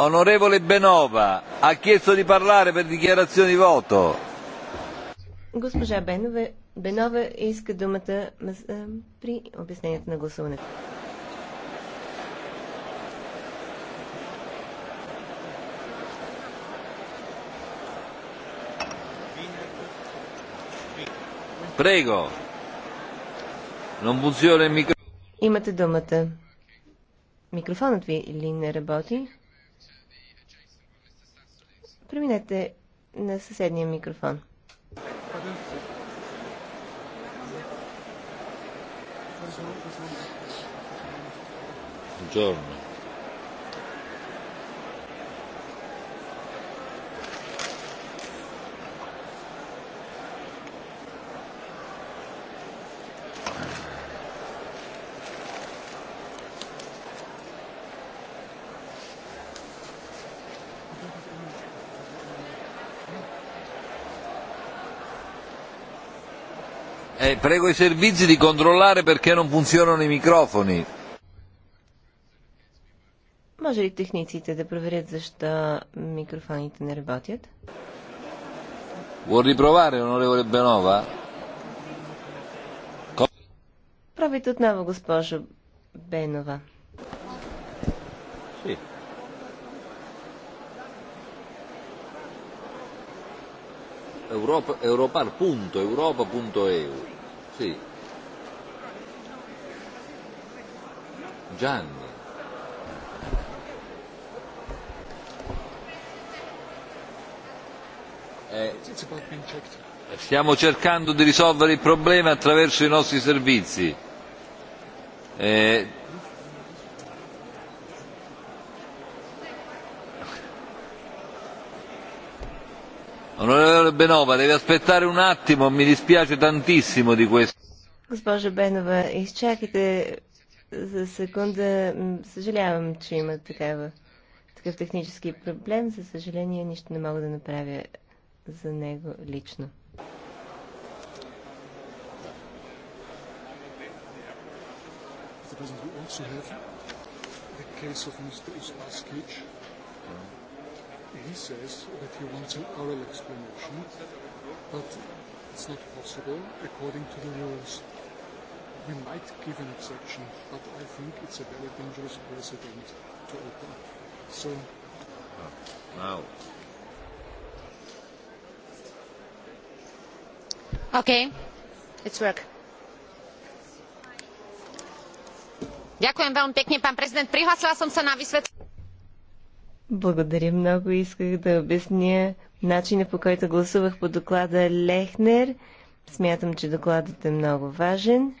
Onorevole Benova ha chiesto di parlare per dichiarazione di voto. Госпожа Бенова, Бенова иска думата при обяснението на гласуването. Prego. Non Имате думата. Микрофонът ви ли не работи? Преминете на съседния микрофон. Buongiorno. Eh, prego i servizi di controllare perché non funzionano i microfoni. Може ли техниците да проверят защо микрофоните не работят? Vuol riprovare, onorevole Benova? Пробайте отново, госпожо Бенова. Sì. Europa, europar.europa.eu Sì. Gianni. Eh, stiamo cercando di risolvere il problema attraverso i nostri servizi. Eh, Signora Benova, deve aspettare un attimo, mi dispiace tantissimo di questo. Госпожа Бенова, изчакайте за секунда. Съжалявам, че има такава, такъв технически проблем. За съжаление, нищо не мога да направя за него лично. The he says that he wants an oral explanation, but it's not possible according to the rules. We might give an exception, but I think it's a very dangerous precedent to open. So. Wow. Okay, it's work. Ďakujem veľmi pekne, pán prezident. Prihlasila som sa na vysvetlenie. Благодаря много. Исках да обясня начина по който гласувах по доклада Лехнер. Смятам, че докладът е много важен.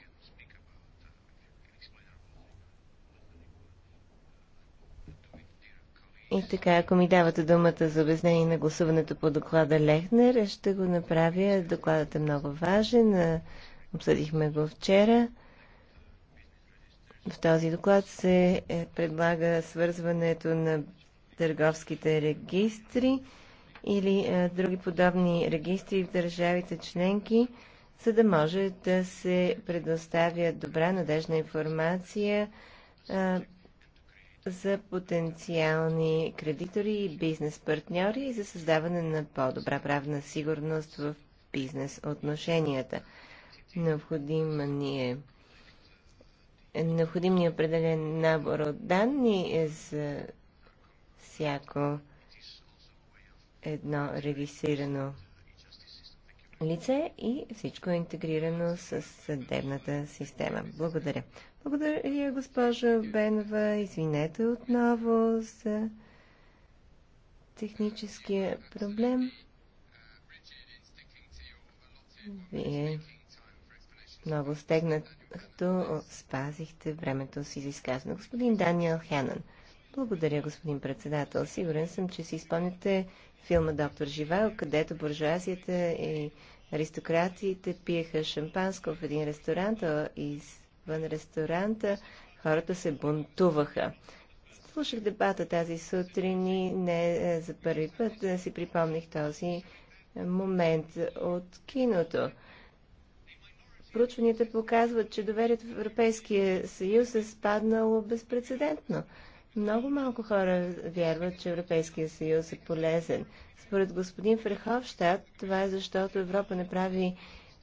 И така, ако ми давате думата за обяснение на гласуването по доклада Лехнер, ще го направя. Докладът е много важен. Обсъдихме го вчера. В този доклад се е, предлага свързването на търговските регистри или а, е, други подобни регистри в държавите членки, за да може да се предоставя добра, надежна информация а, е, за потенциални кредитори и бизнес партньори и за създаване на по-добра правна сигурност в бизнес отношенията. Необходима ни е необходим ни е определен набор от данни за всяко едно регистрирано лице и всичко е интегрирано с съдебната система. Благодаря. Благодаря, госпожо Бенова. Извинете отново за техническия проблем. Вие много стегнато спазихте времето си за изказване. Господин Даниел Хенън. Благодаря, господин председател. Сигурен съм, че си спомняте филма Доктор Живел, където буржуазията и аристократите пиеха шампанско в един ресторант, а извън ресторанта хората се бунтуваха. Слушах дебата тази сутрин и не за първи път да си припомних този момент от киното. Проучванията показват, че доверието в Европейския съюз е спаднало безпредседентно. Много малко хора вярват, че Европейския съюз е полезен. Според господин Ферховщад, това е защото Европа не прави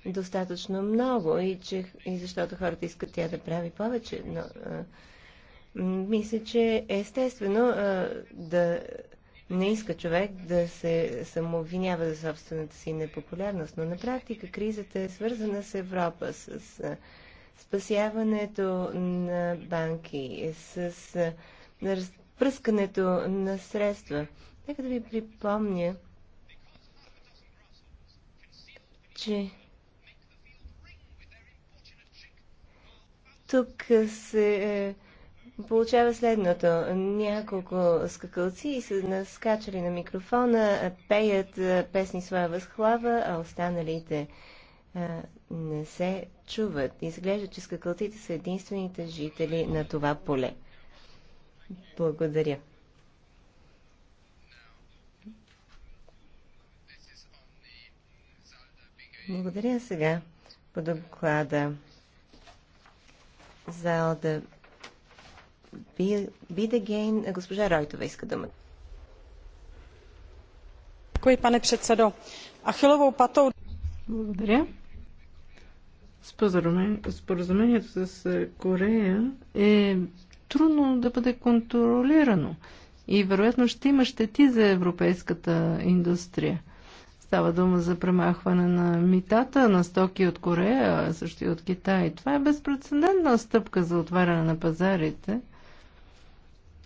достатъчно много и, че, и защото хората искат тя да прави повече. Но, а, мисля, че е естествено а, да не иска човек да се самообвинява за собствената си непопулярност, но на практика кризата е свързана с Европа, с а, спасяването на банки, с. А, на разпръскането на средства. Нека да ви припомня, че тук се е, получава следното. Няколко скакалци са наскачали на микрофона, пеят е, песни своя възхлава, а останалите е, не се чуват. Изглежда, че скакалците са единствените жители на това поле. Благодаря. Благодаря сега по доклада за Алда Бидегейн. Госпожа Ройтова иска думата. Кой пане председо. Ахилово patou... Благодаря. Споразумението с Корея е трудно да бъде контролирано и вероятно ще има щети за европейската индустрия. Става дума за премахване на митата на стоки от Корея, също и от Китай. Това е безпредседентна стъпка за отваряне на пазарите.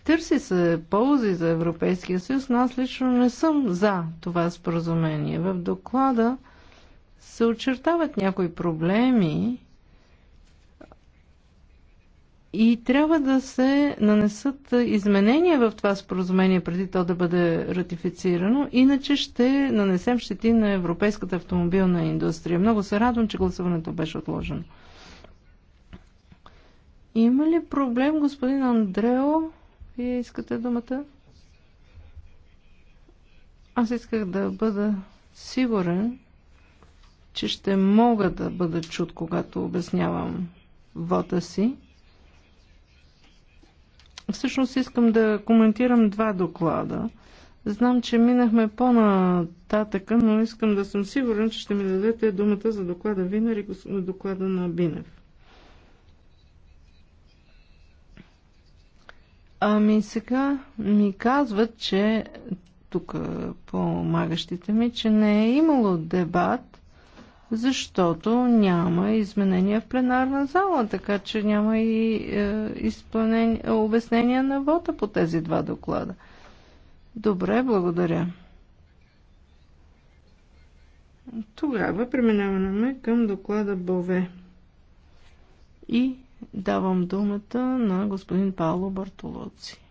Търси се ползи за Европейския съюз, но аз лично не съм за това споразумение. В доклада се очертават някои проблеми, и трябва да се нанесат изменения в това споразумение преди то да бъде ратифицирано, иначе ще нанесем щети на европейската автомобилна индустрия. Много се радвам, че гласуването беше отложено. Има ли проблем, господин Андрео? Вие искате думата? Аз исках да бъда сигурен, че ще мога да бъда чут, когато обяснявам вода си. Всъщност искам да коментирам два доклада. Знам, че минахме по-нататъка, но искам да съм сигурен, че ще ми дадете думата за доклада Винер и доклада на Бинев. Ами сега ми казват, че тук помагащите ми, че не е имало дебат защото няма изменения в пленарна зала, така че няма и е, обяснения на вота по тези два доклада. Добре, благодаря. Тогава преминаваме към доклада БОВЕ. И давам думата на господин Павло Бартолоци.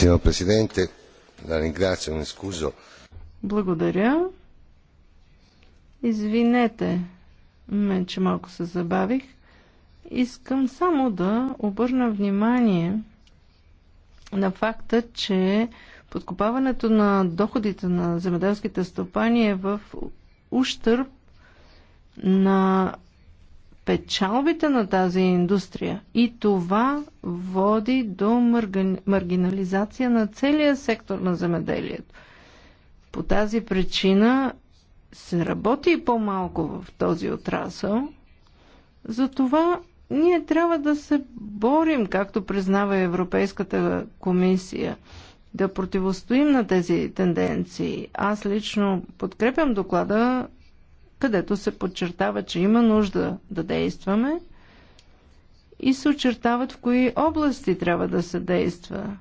Signor Presidente, la ringrazio, mi scuso. Благодаря. Извинете ме, че малко се забавих. Искам само да обърна внимание на факта, че подкопаването на доходите на земеделските стопани е в ущърп на печалбите на тази индустрия. И това води до маргинализация на целия сектор на земеделието. По тази причина се работи по-малко в този отрасъл. Затова ние трябва да се борим, както признава Европейската комисия, да противостоим на тези тенденции. Аз лично подкрепям доклада където се подчертава, че има нужда да действаме и се очертават в кои области трябва да се действа.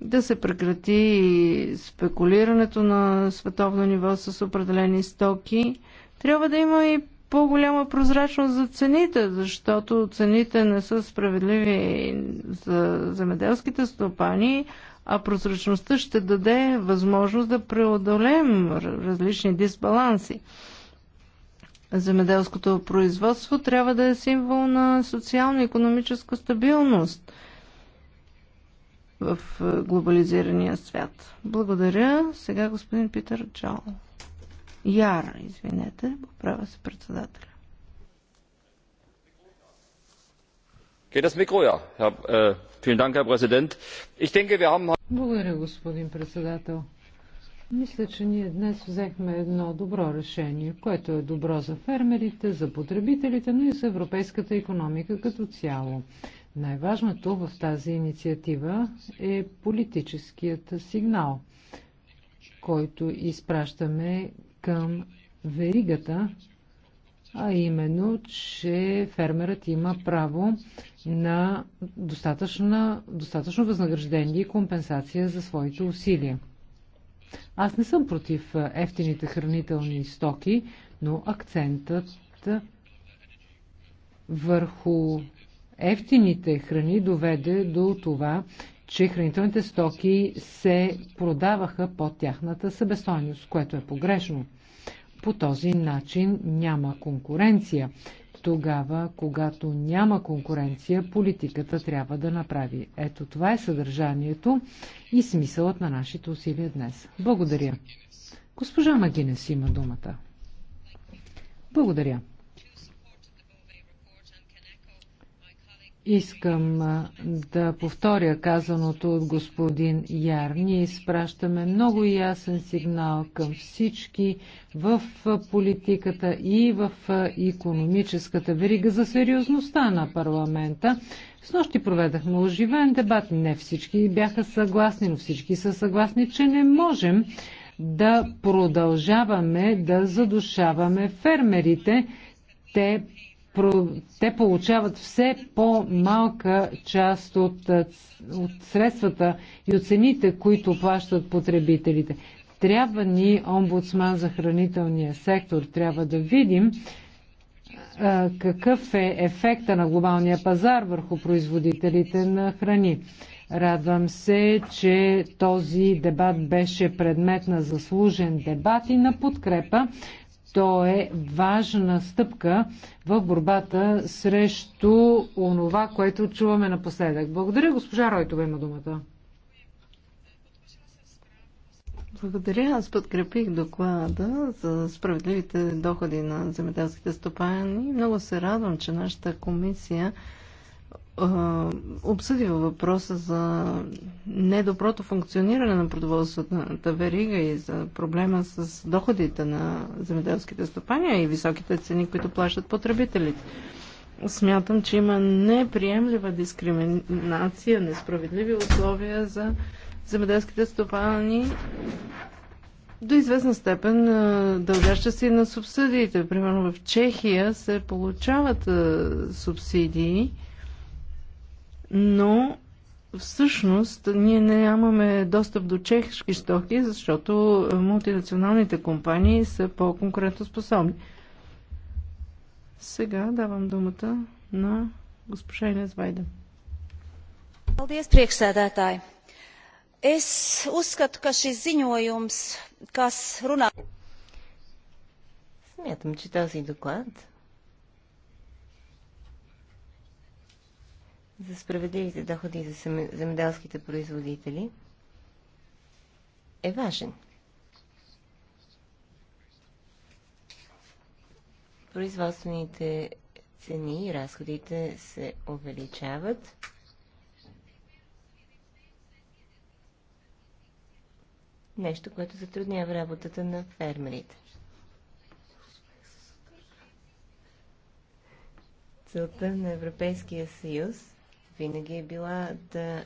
Да се прекрати спекулирането на световно ниво с определени стоки. Трябва да има и по-голяма прозрачност за цените, защото цените не са справедливи за земеделските стопани, а прозрачността ще даде възможност да преодолеем различни дисбаланси земеделското производство трябва да е символ на социално-економическа стабилност в е, глобализирания свят. Благодаря. Сега господин Питър Джол. Яра, извинете, поправя се председателя. Благодаря, господин председател. Мисля, че ние днес взехме едно добро решение, което е добро за фермерите, за потребителите, но и за европейската економика като цяло. Най-важното в тази инициатива е политическият сигнал, който изпращаме към веригата, а именно, че фермерът има право на достатъчно възнаграждение и компенсация за своите усилия. Аз не съм против ефтините хранителни стоки, но акцентът върху ефтините храни доведе до това, че хранителните стоки се продаваха под тяхната събестойност, което е погрешно. По този начин няма конкуренция. Тогава, когато няма конкуренция, политиката трябва да направи. Ето това е съдържанието и смисълът на нашите усилия днес. Благодаря. Госпожа Магинес има думата. Благодаря. Искам да повторя казаното от господин Яр. Ние изпращаме много ясен сигнал към всички в политиката и в економическата верига за сериозността на парламента. С нощи проведахме оживен дебат. Не всички бяха съгласни, но всички са съгласни, че не можем да продължаваме да задушаваме фермерите. Те те получават все по-малка част от, от средствата и от цените, които плащат потребителите. Трябва ни омбудсман за хранителния сектор. Трябва да видим а, какъв е ефекта на глобалния пазар върху производителите на храни. Радвам се, че този дебат беше предмет на заслужен дебат и на подкрепа то е важна стъпка в борбата срещу онова, което чуваме напоследък. Благодаря, госпожа Ройтова има думата. Благодаря. Аз подкрепих доклада за справедливите доходи на земеделските стопани. Много се радвам, че нашата комисия обсъдива въпроса за недоброто функциониране на продоволствената верига и за проблема с доходите на земеделските стопания и високите цени, които плащат потребителите. Смятам, че има неприемлива дискриминация, несправедливи условия за земеделските стопани до известна степен дължаща се и на субсидиите. Примерно в Чехия се получават субсидии, но всъщност ние нямаме достъп до чешки стоки, защото мултинационалните компании са по-конкурентоспособни. Сега давам думата на госпожа Инес Вайда. Paldies, priekšsēdētāji. Es uzskatu, ka šis ziņojums, kas runā... Смятам, че този доклад за справедливите доходи за земеделските производители е важен. Производствените цени и разходите се увеличават. Нещо, което затруднява работата на фермерите. Целта на Европейския съюз винаги е била да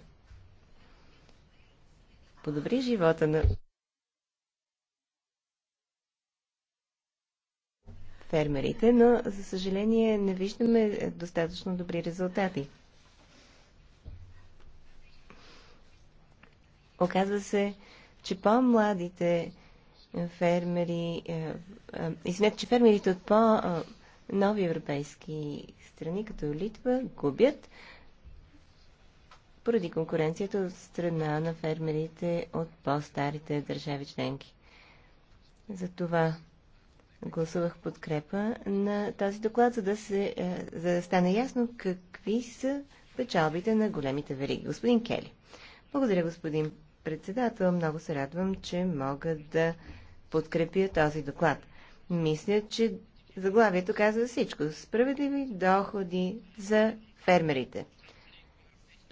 подобри живота на фермерите, но за съжаление не виждаме достатъчно добри резултати. Оказва се, че по-младите фермери, е, е, извинете, че фермерите от по-нови европейски страни, като Литва, губят, поради конкуренцията от страна на фермерите от по-старите държави членки. Затова гласувах подкрепа на този доклад, за да, се, е, за да стане ясно какви са печалбите на големите вериги. Господин Кели. Благодаря, господин председател. Много се радвам, че мога да подкрепя този доклад. Мисля, че заглавието казва всичко. Справедливи доходи за фермерите.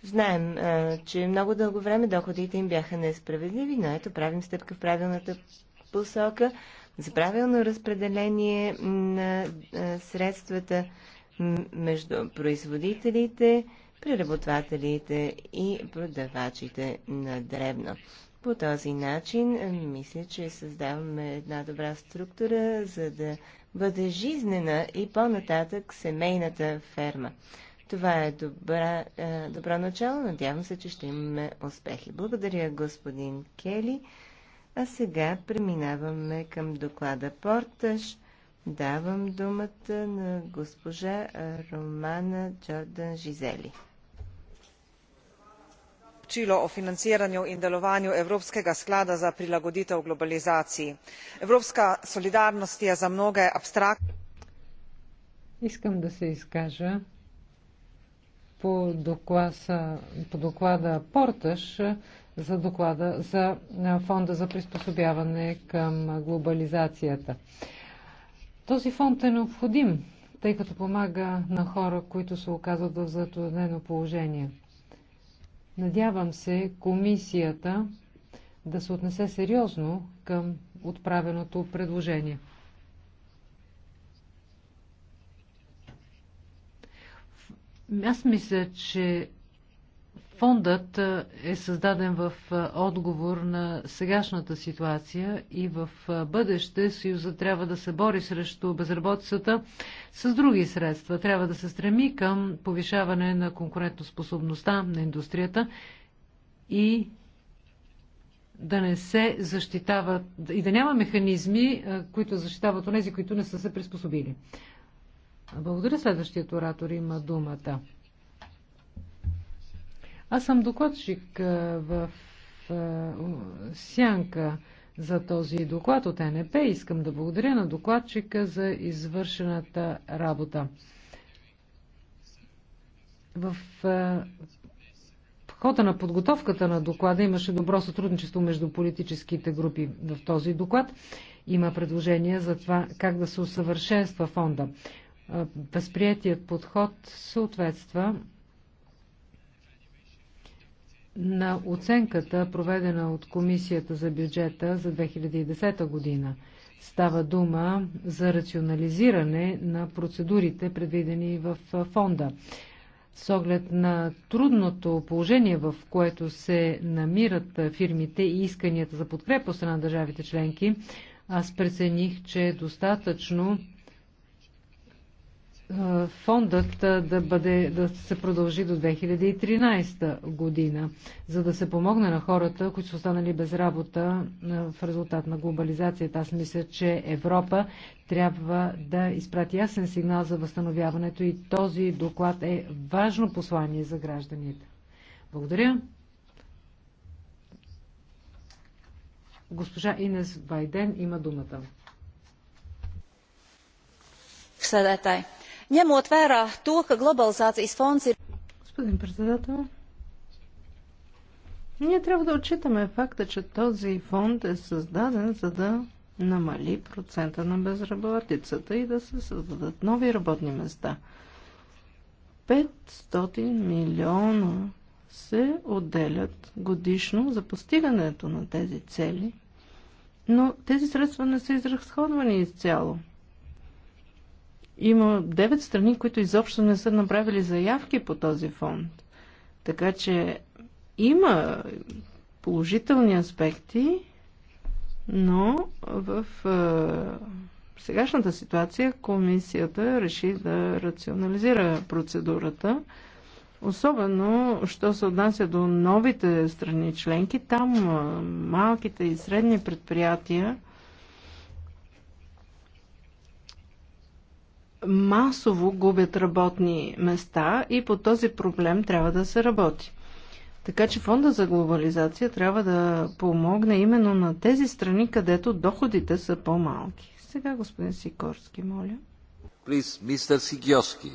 Знаем, че много дълго време доходите им бяха несправедливи, но ето правим стъпка в правилната посока за правилно разпределение на средствата между производителите, преработвателите и продавачите на дребно. По този начин, мисля, че създаваме една добра структура, за да бъде жизнена и по-нататък семейната ферма. Това е добра, е, добро начало. Надявам се, че ще имаме успехи. Благодаря, господин Кели. А сега преминаваме към доклада Порташ. Давам думата на госпожа е, Романа Джордан Жизели. Poročilo o financiranju in delovanju Evropskega sklada za prilagoditev глобализации. Evropska солидарност е за много абстрактна. Искам да се изкажа по, докласа, по доклада Порташ за доклада за фонда за приспособяване към глобализацията. Този фонд е необходим, тъй като помага на хора, които се оказват в затруднено положение. Надявам се комисията да се отнесе сериозно към отправеното предложение. Аз мисля, че фондът е създаден в отговор на сегашната ситуация и в бъдеще Съюза трябва да се бори срещу безработицата с други средства. Трябва да се стреми към повишаване на конкурентоспособността на индустрията и да не се защитават и да няма механизми, които защитават онези, които не са се приспособили. Благодаря. Следващият оратор има думата. Аз съм докладчик в сянка за този доклад от НП. Искам да благодаря на докладчика за извършената работа. В хода на подготовката на доклада имаше добро сътрудничество между политическите групи в този доклад. Има предложение за това как да се усъвършенства фонда възприятият подход съответства на оценката, проведена от Комисията за бюджета за 2010 година. Става дума за рационализиране на процедурите, предвидени в фонда. С оглед на трудното положение, в което се намират фирмите и исканията за подкрепа страна на държавите членки, аз прецених, че е достатъчно фондът да, бъде, да се продължи до 2013 година, за да се помогне на хората, които са останали без работа в резултат на глобализацията. Аз мисля, че Европа трябва да изпрати ясен сигнал за възстановяването и този доклад е важно послание за гражданите. Благодаря. Госпожа Инес Вайден има думата. Съдетай ņemot vērā to, ka globalizācijas fonds ir. Господин председател, ние трябва да отчитаме факта, че този фонд е създаден за да намали процента на безработицата и да се създадат нови работни места. 500 милиона се отделят годишно за постигането на тези цели, но тези средства не са изразходвани изцяло. Има девет страни, които изобщо не са направили заявки по този фонд. Така че има положителни аспекти, но в е, сегашната ситуация комисията реши да рационализира процедурата, особено що се отнася до новите страни членки, там малките и средни предприятия масово губят работни места и по този проблем трябва да се работи. Така че фонда за глобализация трябва да помогне именно на тези страни, където доходите са по-малки. Сега господин Сикорски, моля. Плиз, мистер Сигиоски.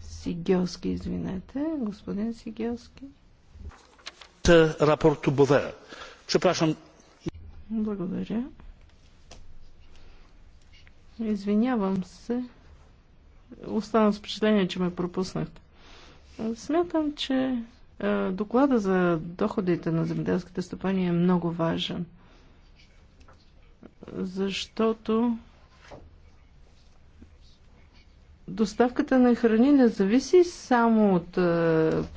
Сигиоски, извинете, господин Сигиоски. Рапорту Бове. Препрашам. Благодаря. Извинявам се остана с впечатление, че ме пропуснахте. Смятам, че доклада за доходите на земеделските стопани е много важен, защото доставката на храни не зависи само от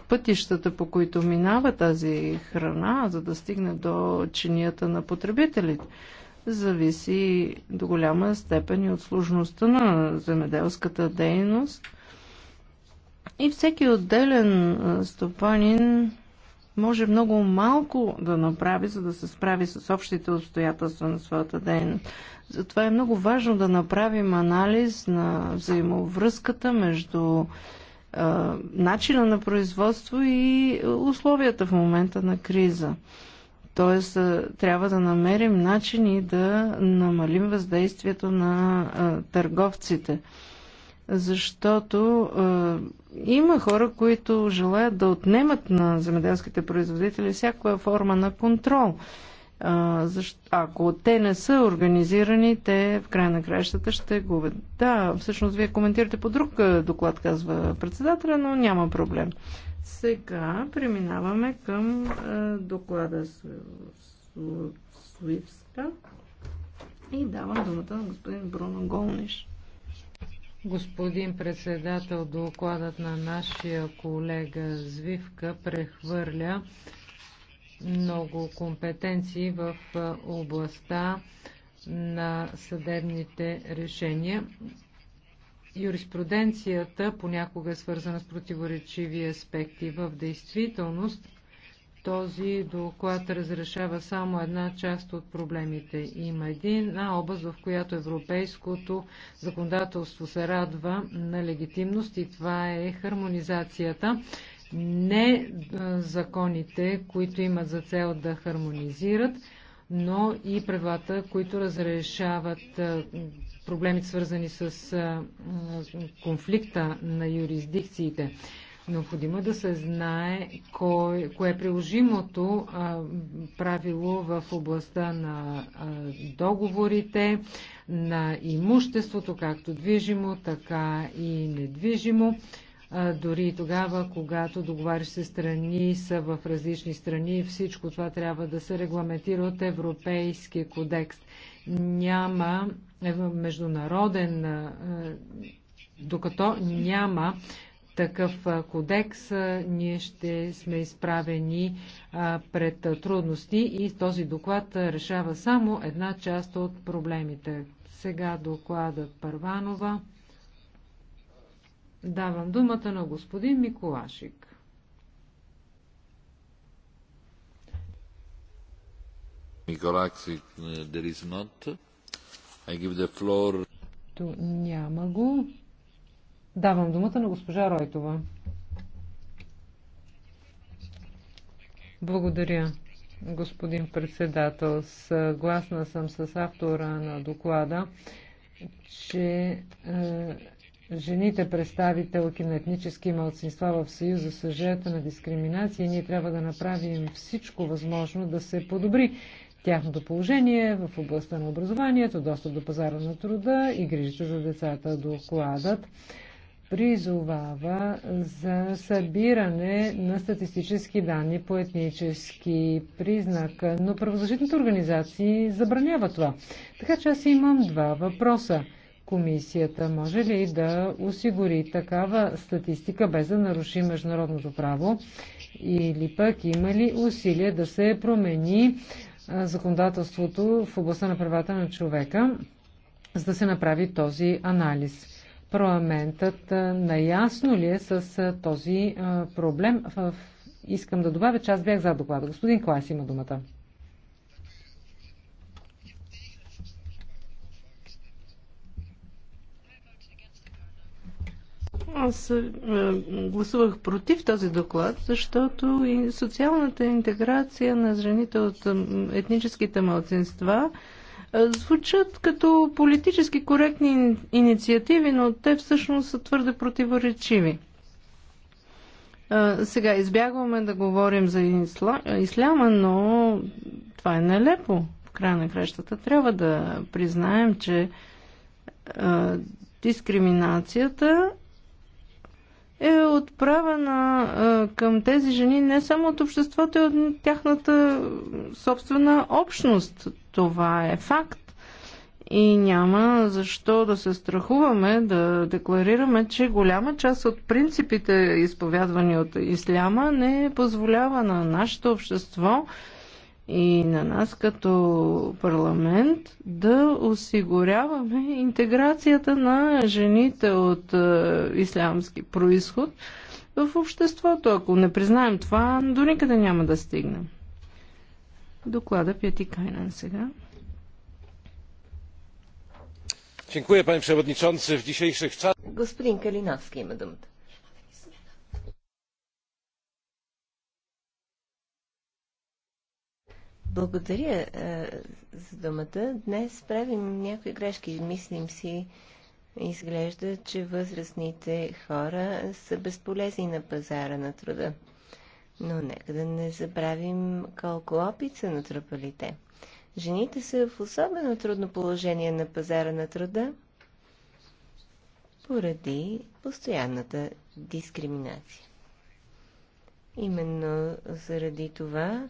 пътищата, по които минава тази храна, за да стигне до чинията на потребителите зависи до голяма степен и от сложността на земеделската дейност. И всеки отделен стопанин може много малко да направи, за да се справи с общите обстоятелства на своята дейност. Затова е много важно да направим анализ на взаимовръзката между е, начина на производство и условията в момента на криза. Т.е. трябва да намерим начини да намалим въздействието на а, търговците. Защото а, има хора, които желаят да отнемат на земеделските производители всякаква форма на контрол. А, защо, ако те не са организирани, те в край на краищата ще губят. Да, всъщност вие коментирате по друг доклад, казва председателя, но няма проблем. Сега преминаваме към доклада Суивска и давам думата на господин Бруно Голниш. Господин председател, докладът на нашия колега Звивка прехвърля много компетенции в областта на съдебните решения. Юриспруденцията понякога е свързана с противоречиви аспекти. В действителност този доклад разрешава само една част от проблемите. Има една област, в която европейското законодателство се радва на легитимност и това е хармонизацията. Не е, законите, които имат за цел да хармонизират, но и правата, които разрешават е, проблемите свързани с конфликта на юрисдикциите. Необходимо е да се знае кое, кое е приложимото а, правило в областта на а, договорите, на имуществото, както движимо, така и недвижимо. А, дори и тогава, когато се страни са в различни страни, всичко това трябва да се регламентира от Европейския кодекс. Няма е международен, докато няма такъв кодекс, ние ще сме изправени пред трудности и този доклад решава само една част от проблемите. Сега докладът Първанова. Давам думата на господин Миколашик. Миколашик, there is not. I give the floor... То няма го. Давам думата на госпожа Ройтова. Благодаря, господин председател. Съгласна съм с автора на доклада, че е, жените представителки на етнически малцинства в Съюза са жертва на дискриминация и ние трябва да направим всичко възможно да се подобри тяхното положение в областта на образованието, достъп до пазара на труда и грижите за децата. Докладът призовава за събиране на статистически данни по етнически признак, но правозащитните организации забраняват това. Така че аз имам два въпроса. Комисията може ли да осигури такава статистика без да наруши международното право? Или пък има ли усилие да се промени законодателството в областта на правата на човека, за да се направи този анализ. Парламентът наясно ли е с този проблем? Искам да добавя, че аз бях за доклада. Господин Клас има думата. Аз е, гласувах против този доклад, защото и социалната интеграция на жените от етническите малцинства е, звучат като политически коректни инициативи, но те всъщност са твърде противоречиви. Е, сега избягваме да говорим за исляма, но това е нелепо. В края на кращата трябва да признаем, че дискриминацията е отправена а, към тези жени не само от обществото, и от тяхната собствена общност. Това е факт. И няма защо да се страхуваме да декларираме, че голяма част от принципите, изповядвани от исляма, не позволява на нашето общество и на нас като парламент да осигуряваме интеграцията на жените от е, ислямски происход в обществото. Ако не признаем това, до никъде няма да стигнем. Доклада Пяти Кайнан сега. Dziękuję panie przewodniczący. W dzisiejszych czasach. Господин Калинавски има думата. Благодаря е, за думата. Днес правим някои грешки. Мислим си, изглежда, че възрастните хора са безполезни на пазара на труда. Но нека да не забравим колко опит са натрупали те. Жените са в особено трудно положение на пазара на труда поради постоянната дискриминация. Именно заради това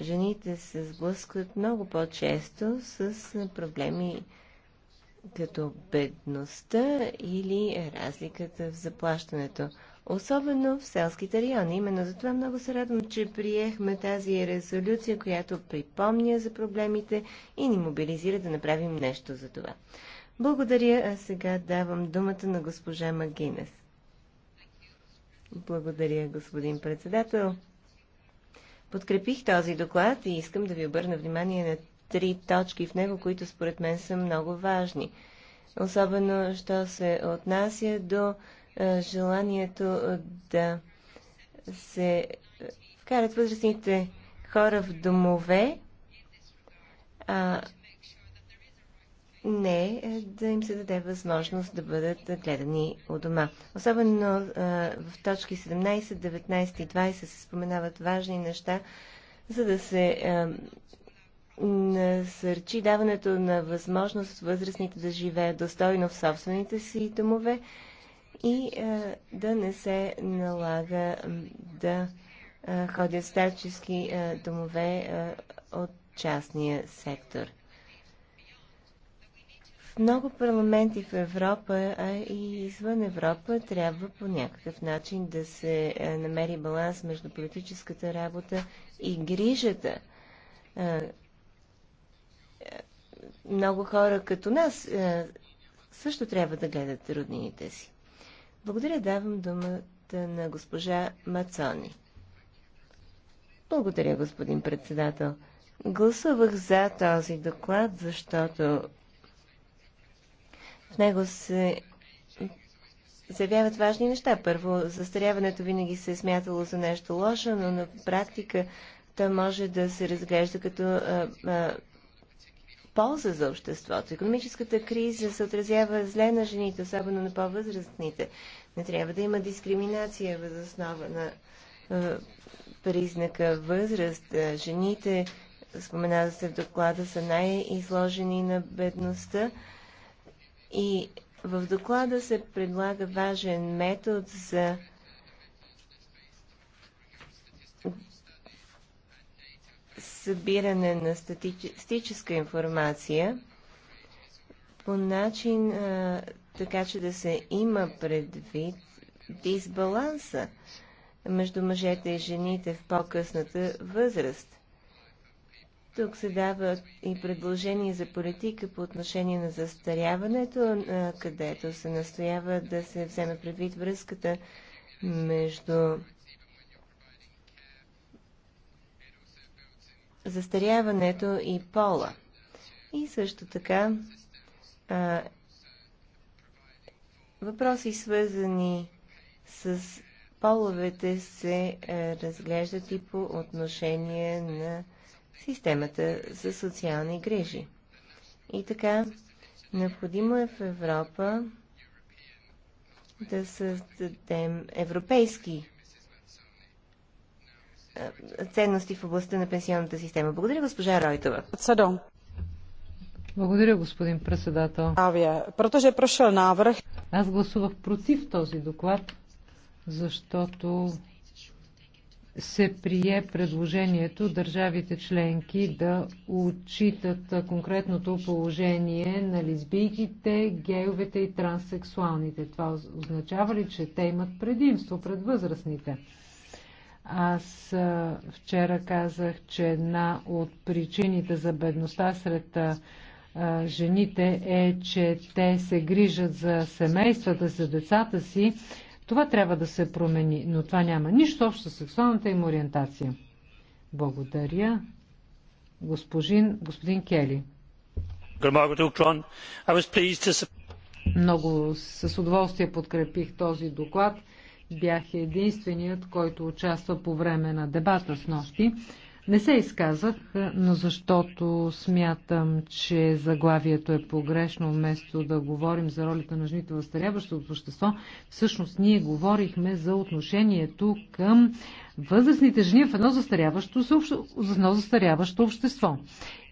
жените се сблъскват много по-често с проблеми като бедността или разликата в заплащането. Особено в селските райони. Именно затова много се радвам, че приехме тази резолюция, която припомня за проблемите и ни мобилизира да направим нещо за това. Благодаря, а сега давам думата на госпожа Магинес. Благодаря, господин председател. Подкрепих този доклад и искам да ви обърна внимание на три точки в него, които според мен са много важни. Особено, що се отнася до е, желанието да се вкарат възрастните хора в домове, а не е, да им се даде възможност да бъдат гледани у дома. Особено е, в точки 17, 19 и 20 се споменават важни неща, за да се е, насърчи даването на възможност възрастните да живеят достойно в собствените си домове и да не се налага да ходят в старчески домове от частния сектор много парламенти в Европа, а и извън Европа, трябва по някакъв начин да се е, намери баланс между политическата работа и грижата. Е, е, много хора като нас също трябва да гледат роднините си. Благодаря, давам думата на госпожа Мацони. Благодаря, господин председател. Гласувах за този доклад, защото в него се заявяват важни неща. Първо, застаряването винаги се е смятало за нещо лошо, но на практика то може да се разглежда като а, а, полза за обществото. Економическата криза се отразява зле на жените, особено на по-възрастните. Не трябва да има дискриминация въз основа на а, признака възраст. А, жените, споменава се в доклада, са най-изложени на бедността. А, и в доклада се предлага важен метод за събиране на статистическа информация по начин а, така, че да се има предвид дисбаланса между мъжете и жените в по-късната възраст. Тук се дават и предложения за политика по отношение на застаряването, където се настоява да се вземе предвид връзката между застаряването и пола. И също така а, въпроси свързани с половете се а, разглеждат и по отношение на системата за социални грижи. И така, необходимо е в Европа да създадем европейски ценности в областта на пенсионната система. Благодаря, госпожа Ройтова. Благодаря, господин председател. Протеже прошъл навръх. Аз гласувах против този доклад, защото се прие предложението държавите членки да отчитат конкретното положение на лесбийките, гейовете и транссексуалните. Това означава ли, че те имат предимство пред възрастните? Аз вчера казах, че една от причините за бедността сред жените е, че те се грижат за семействата, за децата си това трябва да се промени, но това няма нищо общо с сексуалната им ориентация. Благодаря, госпожин, господин Кели. Много с удоволствие подкрепих този доклад. Бях единственият, който участва по време на дебата с нощи. Не се изказах, но защото смятам, че заглавието е погрешно, вместо да говорим за ролята на жените в старяващото общество, всъщност ние говорихме за отношението към възрастните жени в едно застаряващо, за едно застаряващо общество.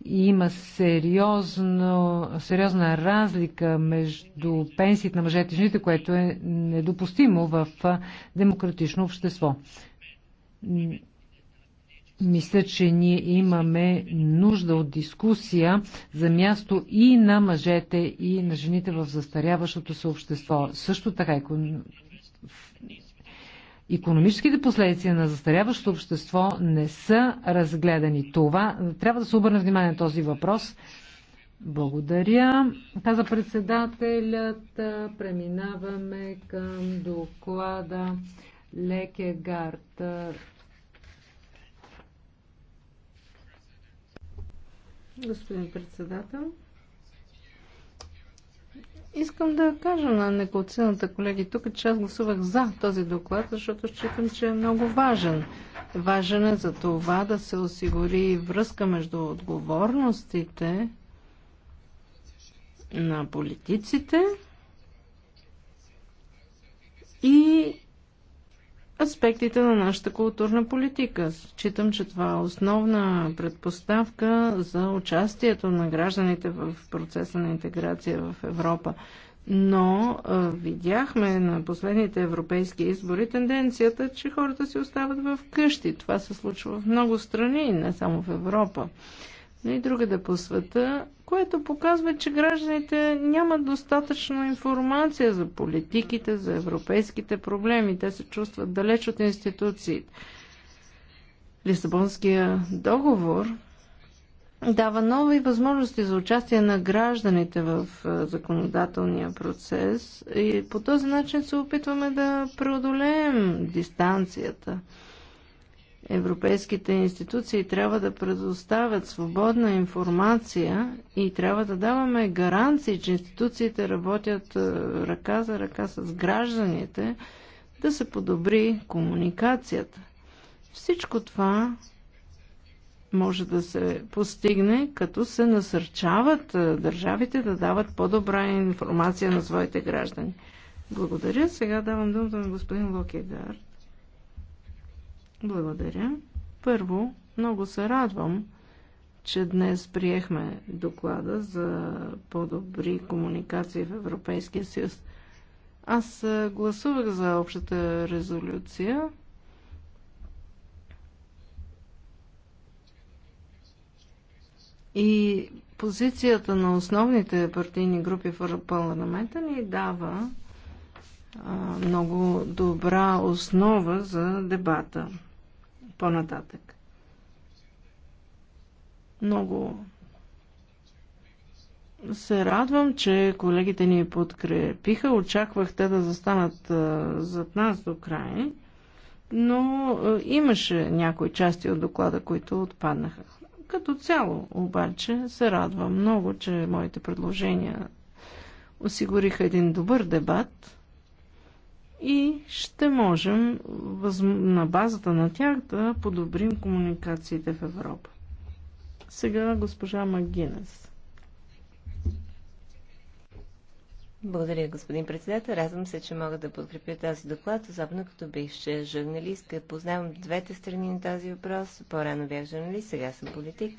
И има сериозно, сериозна разлика между пенсиите на мъжете и жените, което е недопустимо в демократично общество мисля, че ние имаме нужда от дискусия за място и на мъжете, и на жените в застаряващото се общество. Също така, економическите последици на застаряващото общество не са разгледани. Това трябва да се обърне внимание на този въпрос. Благодаря. Каза председателят. Преминаваме към доклада Лекегард. господин председател. Искам да кажа на неколцината колеги тук, че аз гласувах за този доклад, защото считам, че е много важен. Важен е за това да се осигури връзка между отговорностите на политиците и аспектите на нашата културна политика. Читам, че това е основна предпоставка за участието на гражданите в процеса на интеграция в Европа. Но а, видяхме на последните европейски избори тенденцията, че хората си остават в къщи. Това се случва в много страни, не само в Европа но и другата по света, което показва, че гражданите нямат достатъчно информация за политиките, за европейските проблеми. Те се чувстват далеч от институциите. Лисабонския договор дава нови възможности за участие на гражданите в законодателния процес и по този начин се опитваме да преодолеем дистанцията – Европейските институции трябва да предоставят свободна информация и трябва да даваме гаранции, че институциите работят е, ръка за ръка с гражданите, да се подобри комуникацията. Всичко това може да се постигне, като се насърчават е, държавите да дават по-добра информация на своите граждани. Благодаря. Сега давам думата на господин Локегард. Благодаря. Първо, много се радвам, че днес приехме доклада за по-добри комуникации в Европейския съюз. Аз гласувах за общата резолюция. И позицията на основните партийни групи в парламента ни дава а, много добра основа за дебата по-нататък. Много се радвам, че колегите ни подкрепиха. Очаквах те да застанат зад нас до край, но имаше някои части от доклада, които отпаднаха. Като цяло, обаче, се радвам много, че моите предложения осигуриха един добър дебат и ще можем на базата на тях да подобрим комуникациите в Европа. Сега госпожа Магинес. Благодаря, господин председател. Радвам се, че мога да подкрепя този доклад, особено като ще журналистка. Познавам двете страни на този въпрос. По-рано бях журналист, сега съм политик.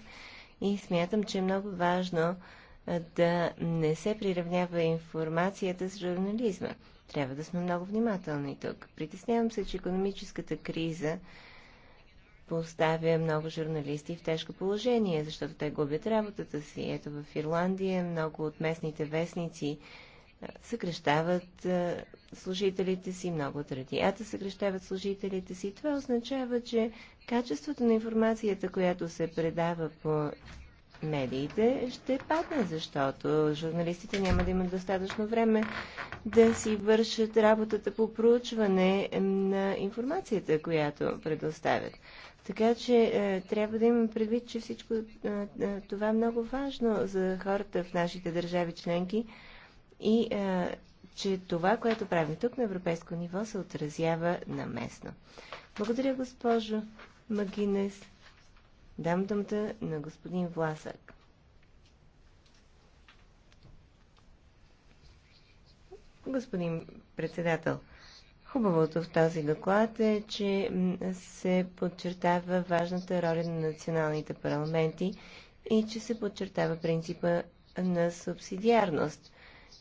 И смятам, че е много важно да не се приравнява информацията с журнализма. Трябва да сме много внимателни тук. Притеснявам се, че економическата криза поставя много журналисти в тежко положение, защото те губят работата си. Ето в Ирландия много от местните вестници съкрещават служителите си, много от радията съкрещават служителите си. Това означава, че качеството на информацията, която се предава по медиите ще падне, защото журналистите няма да имат достатъчно време да си вършат работата по проучване на информацията, която предоставят. Така че е, трябва да имаме предвид, че всичко е, е, това е много важно за хората в нашите държави членки и че това, което правим тук на европейско ниво, се отразява на местно. Благодаря, госпожо Магинес. Дам думата на господин Власък. Господин председател, хубавото в този доклад е, че се подчертава важната роля на националните парламенти и че се подчертава принципа на субсидиарност.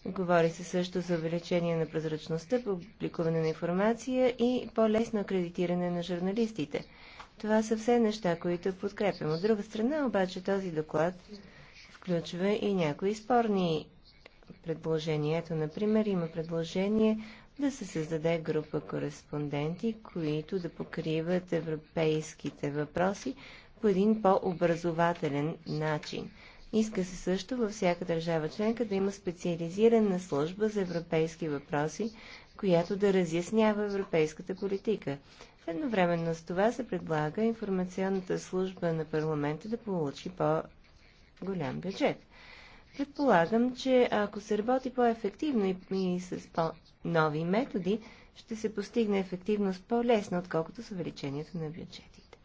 Говори се също за увеличение на прозрачността, публикуване на информация и по-лесно акредитиране на журналистите. Това са все неща, които подкрепям. От друга страна, обаче, този доклад включва и някои спорни предложения. Ето, например, има предложение да се създаде група кореспонденти, които да покриват европейските въпроси по един по-образователен начин. Иска се също във всяка държава членка да има специализирана служба за европейски въпроси, която да разяснява европейската политика. Едновременно с това се предлага информационната служба на парламента да получи по-голям бюджет. Предполагам, че ако се работи по-ефективно и, и с по-нови методи, ще се постигне ефективност по-лесно, отколкото с увеличението на бюджетите.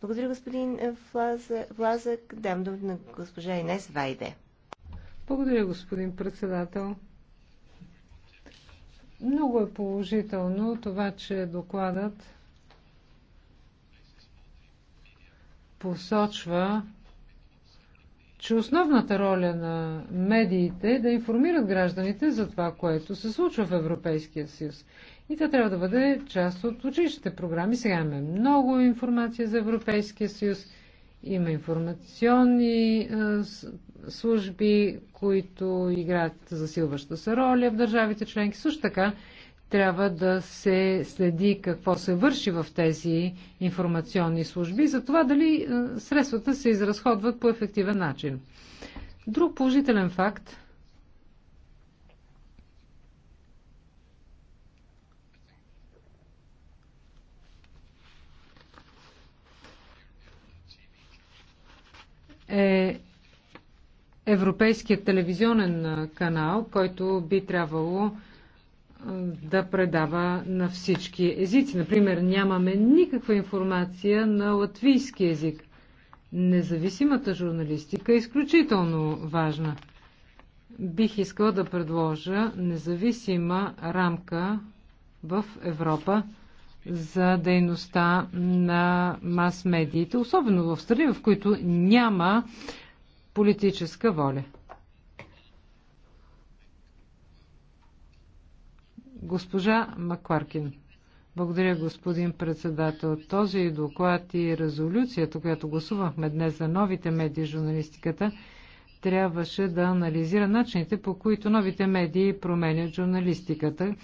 Благодаря, господин Влазък. Дам думата на госпожа Инес Вайде. Благодаря, господин председател. Много е положително това, че докладът посочва, че основната роля на медиите е да информират гражданите за това, което се случва в Европейския съюз. И това трябва да бъде част от училищните програми. Сега имаме много информация за Европейския съюз. Има информационни служби, които играят засилваща се роля в държавите членки. Също така трябва да се следи какво се върши в тези информационни служби, за това дали средствата се изразходват по ефективен начин. Друг положителен факт е Европейският телевизионен канал, който би трябвало да предава на всички езици. Например, нямаме никаква информация на латвийски език. Независимата журналистика е изключително важна. Бих искал да предложа независима рамка в Европа, за дейността на мас-медиите, особено в страни, в които няма политическа воля. Госпожа Макваркин. Благодаря, господин председател. Този доклад и резолюцията, която гласувахме днес за новите медии журналистиката, трябваше да анализира начините, по които новите медии променят журналистиката.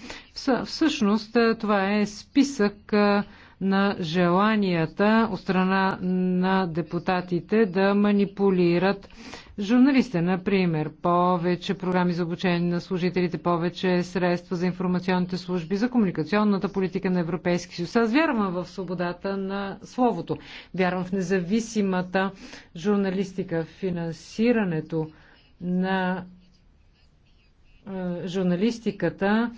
Всъщност е, това е списък е, на желанията от страна на депутатите да манипулират журналистите. Например, повече програми за обучение на служителите, повече средства за информационните служби, за комуникационната политика на Европейски съюз. Аз вярвам в свободата на словото. Вярвам в независимата журналистика, финансирането на е, журналистиката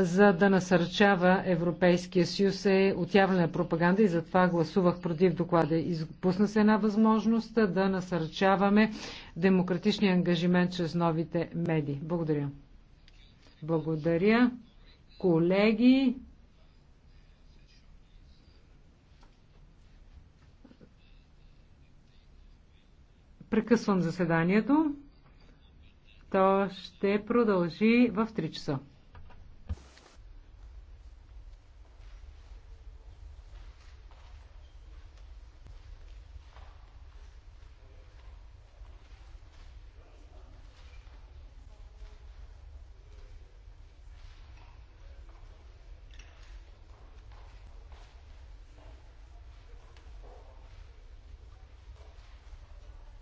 за да насърчава Европейския съюз е отявлена пропаганда и затова гласувах против доклада. Изпусна се една възможност да насърчаваме демократичния ангажимент чрез новите медии. Благодаря. Благодаря. Колеги, прекъсвам заседанието. То ще продължи в 3 часа.